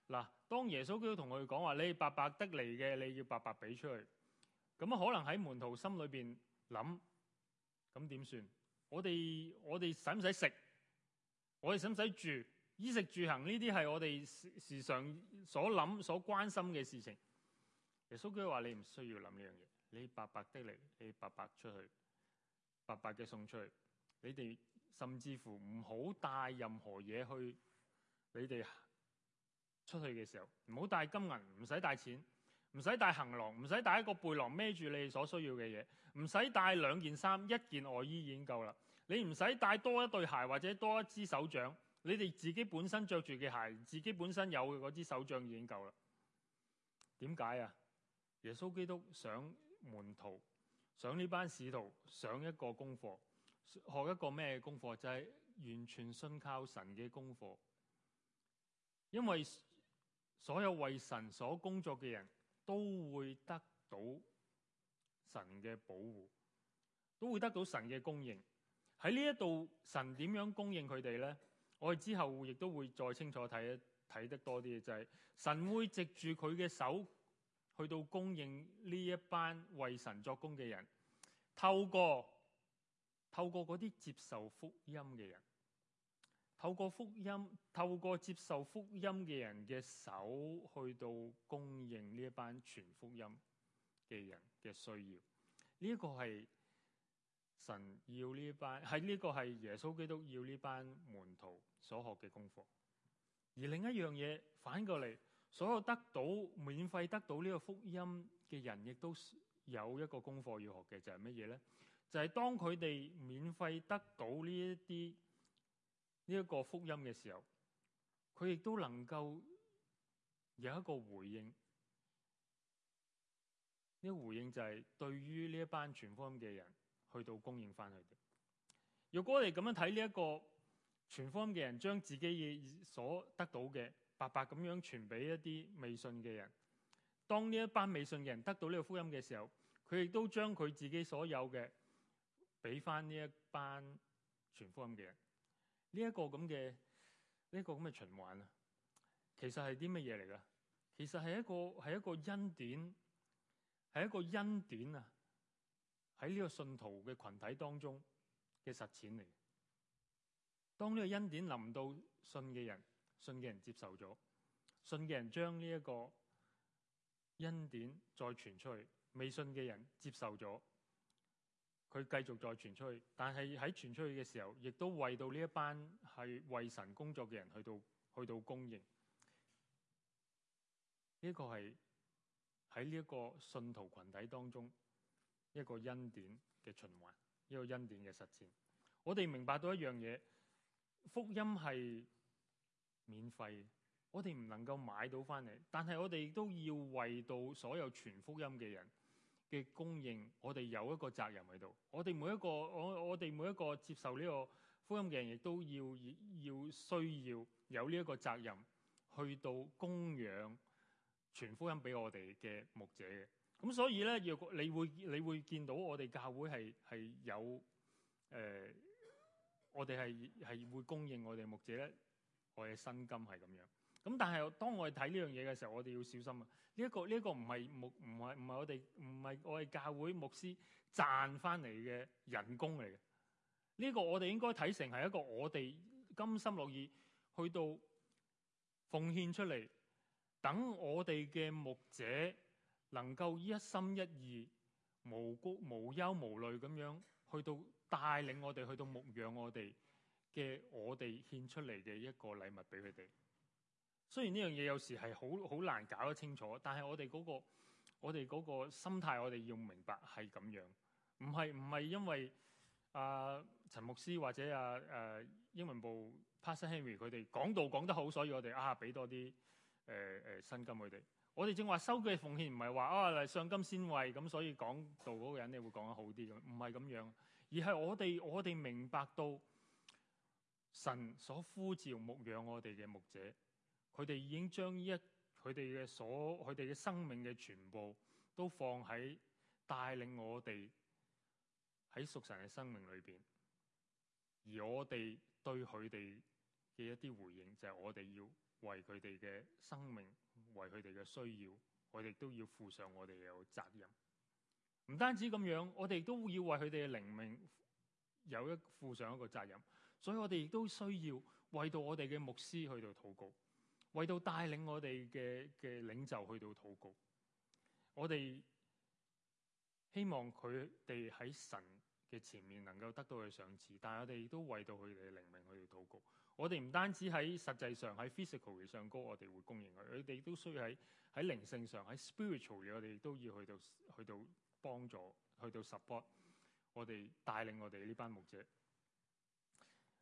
嗱，當耶穌基督同佢講話，你白白得來的嚟嘅，你要白白俾出去。咁可能喺門徒心裏邊諗，咁點算？我哋我哋使唔使食？我哋使唔使住？衣食住行呢啲係我哋時常所諗、所關心嘅事情。耶穌基督話：你唔需要諗呢樣嘢。你白白的嚟，你白白出去，白白嘅送出去。你哋甚至乎唔好帶任何嘢去。你哋出去嘅時候，唔好帶金銀，唔使帶錢，唔使帶行囊，唔使帶一個背囊孭住你哋所需要嘅嘢，唔使帶兩件衫，一件外衣已經夠啦。你唔使帶多一對鞋或者多一支手杖，你哋自己本身着住嘅鞋，自己本身有嘅支手杖已經夠啦。點解啊？耶穌基督想。門徒上呢班使徒上一個功課，學一個咩功課？就係、是、完全信靠神嘅功課。因為所有為神所工作嘅人都會得到神嘅保護，都會得到神嘅供應。喺呢一度，神點樣供應佢哋呢？我哋之後亦都會再清楚睇睇得多啲嘅，就係、是、神會藉住佢嘅手。去到供應呢一班為神作工嘅人，透過透過嗰啲接受福音嘅人，透過福音透過接受福音嘅人嘅手，去到供應呢一班傳福音嘅人嘅需要。呢、這個是神要呢一班、哎、這呢個是耶穌基督要呢班門徒所學嘅功課。而另一樣嘢，反過來所有得到免費得到呢個福音嘅人，亦都有一個功課要學嘅，就係乜嘢咧？就係、是、當佢哋免費得到呢一啲呢一個福音嘅時候，佢亦都能夠有一個回應。呢、這個回應就係對於呢一班傳福音嘅人去到供應翻佢哋。若果我哋咁樣睇呢一個傳福音嘅人將自己嘢所得到嘅。白白咁樣傳俾一啲未信嘅人，當呢一班未信嘅人得到呢個福音嘅時候，佢亦都將佢自己所有嘅俾翻呢一班傳福音嘅人。呢、呢、一個咁嘅呢個咁嘅循環啊，其實係啲乜嘢嚟噶？其實係一個係一個恩典，係一個恩典啊！喺呢個信徒嘅群體當中嘅實踐嚟。當呢個恩典臨到信嘅人。信嘅人接受咗，信嘅人將呢一個恩典再傳出去，未信嘅人接受咗，佢繼續再傳出去，但係喺傳出去嘅時候，亦都為到呢一班係為神工作嘅人去到去到供應。呢個係喺呢一個信徒群體當中一個恩典嘅循環，一個恩典嘅實踐。我哋明白到一樣嘢，福音係。免費，我哋唔能夠買到翻嚟，但係我哋都要為到所有傳福音嘅人嘅供應，我哋有一個責任喺度。我哋每一個，我我哋每一個接受呢個福音嘅人，亦都要要需要有呢一個責任去到供養傳福音俾我哋嘅牧者嘅。咁所以呢，若果你會你會見到我哋教會係係有誒、呃，我哋係係會供應我哋牧者呢。我嘅薪金係咁樣，咁但係當我哋睇呢樣嘢嘅時候，我哋要小心啊！呢一個呢一個唔係牧唔係唔係我哋唔係我哋教會牧師賺翻嚟嘅人工嚟嘅。呢個我哋應該睇成係一個我哋甘心樂意去到奉獻出嚟，等我哋嘅牧者能夠一心一意、無顧無憂無慮咁樣去到帶領我哋去到牧養我哋。嘅，我哋獻出嚟嘅一個禮物俾佢哋。雖然呢樣嘢有時係好好難搞得清楚，但係我哋嗰、個我哋嗰個心態，我哋要明白係咁樣，唔係唔係因為啊陳、呃、牧師或者啊誒、呃、英文部 Pastor Henry 佢哋講道講得好，所以我哋啊俾多啲誒誒薪金佢哋。我哋正話收嘅奉獻唔係話啊嚟上金先位咁，所以講道嗰個人你會講得好啲咁，唔係咁樣，而係我哋我哋明白到。神所呼召牧養我哋嘅牧者，佢哋已經將一佢哋嘅所佢哋嘅生命嘅全部都放喺帶領我哋喺屬神嘅生命裏邊，而我哋對佢哋嘅一啲回應就係我哋要為佢哋嘅生命、為佢哋嘅需要，我哋都要負上我哋嘅責任。唔單止咁樣，我哋亦都要為佢哋嘅靈命有一負上一個責任。所以我哋亦都需要為到我哋嘅牧師去到禱告，為到帶領我哋嘅嘅領袖去到禱告。我哋希望佢哋喺神嘅前面能夠得到佢嘅賞賜，但我哋亦都為到佢哋嘅靈命去到禱告。我哋唔單止喺實際上喺 physical 上高，我哋會供應佢，我哋亦都需要喺喺靈性上喺 spiritual 上，我哋都要去到去到幫助，去到 support 我哋帶領我哋呢班牧者。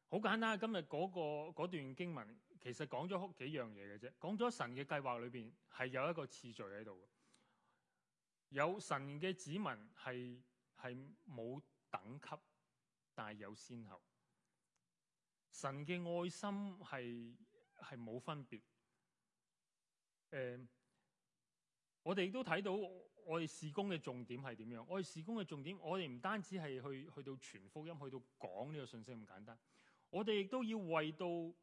好簡單，今日嗰、嗰個嗰段經文其實講咗幾樣嘢嘅啫，講咗神嘅計劃裏邊係有一個次序喺度，有神嘅子民係係冇等級，但係有先後。神嘅愛心係係冇分別。誒、呃，我哋亦都睇到我哋事工嘅重點係點樣？我哋事工嘅重點，我哋唔單止係去去到全福音，去到講呢個信息咁簡單。我哋亦都要為到呢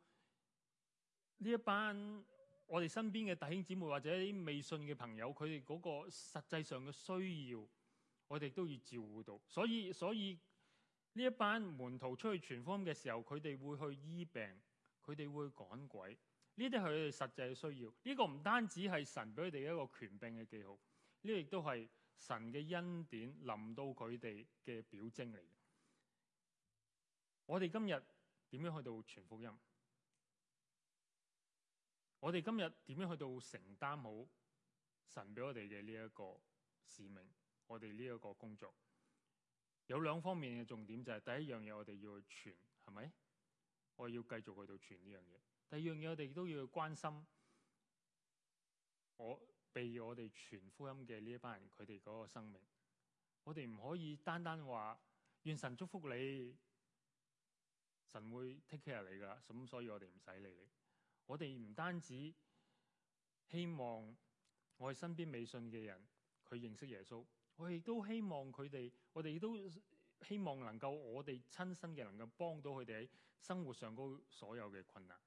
一班我哋身邊嘅弟兄姊妹或者啲未信嘅朋友，佢哋嗰個實際上嘅需要，我哋都要照顧到。所以，所以呢一班門徒出去傳福音嘅時候，佢哋會去醫病，佢哋會趕鬼，呢啲係佢哋實際嘅需要。呢個唔單止係神俾佢哋一個權柄嘅記號，呢個亦都係神嘅恩典臨到佢哋嘅表徵嚟嘅。我哋今日，點樣去到傳福音？我哋今日點樣去到承擔好神俾我哋嘅呢一個使命？我哋呢一個工作有兩方面嘅重點，就是，就係第一樣嘢，我哋要去傳，係咪？我要繼續去到傳呢樣嘢。第二樣嘢，我哋都要去關心我被我哋傳福音嘅呢一班人，佢哋嗰個生命。我哋唔可以單單話願神祝福你。神會 take care 你㗎啦，咁所以我哋唔使理你。我哋唔單止希望我哋身邊未信嘅人佢認識耶穌，我哋亦都希望佢哋，我哋亦都希望能夠我哋親身嘅能夠幫到佢哋喺生活上高所有嘅困難，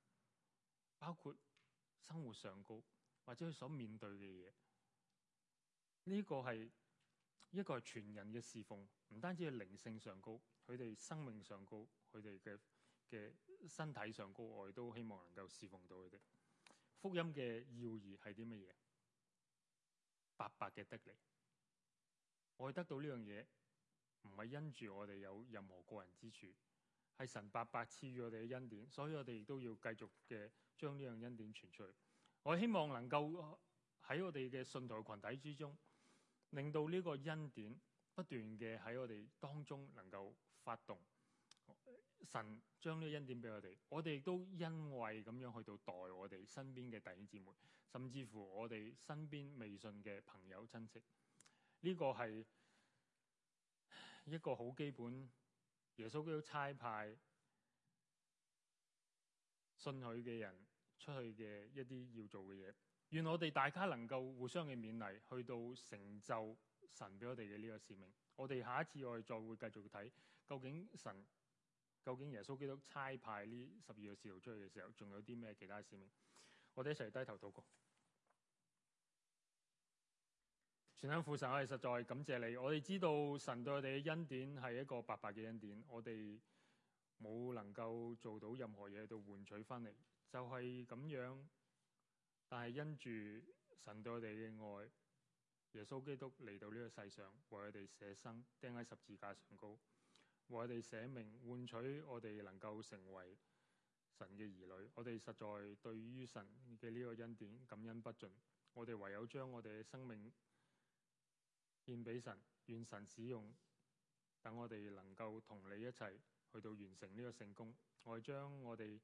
包括生活上高或者佢所面對嘅嘢。呢個係一個係全人嘅侍奉，唔單止係靈性上高，佢哋生命上高，佢哋嘅。嘅身體上我哋都希望能夠侍奉到佢哋。福音嘅要義係啲乜嘢？白白嘅得嚟，我哋得到呢樣嘢唔係因住我哋有任何過人之處，係神白白賜予我哋嘅恩典。所以我哋亦都要繼續嘅將呢樣恩典傳出去。我希望能夠喺我哋嘅信徒群體之中，令到呢個恩典不斷嘅喺我哋當中能夠發動。神將呢個恩典俾我哋，我哋亦都因為咁樣去到代我哋身邊嘅弟兄姊妹，甚至乎我哋身邊未信嘅朋友親戚，呢個係一個好基本。耶穌基督差派信佢嘅人出去嘅一啲要做嘅嘢。願我哋大家能夠互相嘅勉勵，去到成就神俾我哋嘅呢個使命。我哋下一次我哋再會繼續睇究竟神。究竟耶穌基督差派呢十二個使徒出去嘅時候，仲有啲咩其他使命？我哋一齊低頭禱告。全響父神，我哋實在感謝你。我哋知道神對我哋嘅恩典係一個白白嘅恩典，我哋冇能夠做到任何嘢度換取翻嚟，就係咁樣。但係因住神對我哋嘅愛，耶穌基督嚟到呢個世上，為我哋捨生，釘喺十字架上高。我哋捨命換取我哋能夠成為神嘅兒女，我哋實在對於神嘅呢個恩典感恩不盡。我哋唯有將我哋嘅生命獻俾神，願神使用，等我哋能夠同你一齊去到完成呢個聖工。我哋將我哋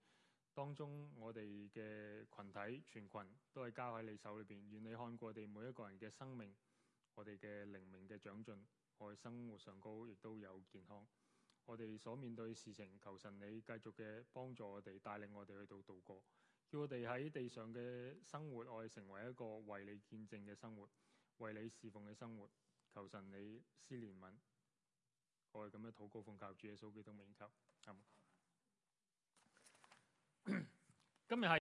當中我哋嘅群體全群都係交喺你手裏邊，願你看過我哋每一個人嘅生命，我哋嘅靈命嘅長進，我哋生活上高亦都有健康。我哋所面對嘅事情，求神你繼續嘅幫助我哋，帶領我哋去到度過叫我哋喺地上嘅生活，我哋成為一個為你見證嘅生活，為你侍奉嘅生活，求神你施憐憫，我哋咁樣禱告奉靠主耶穌基督名求。咁，今日係。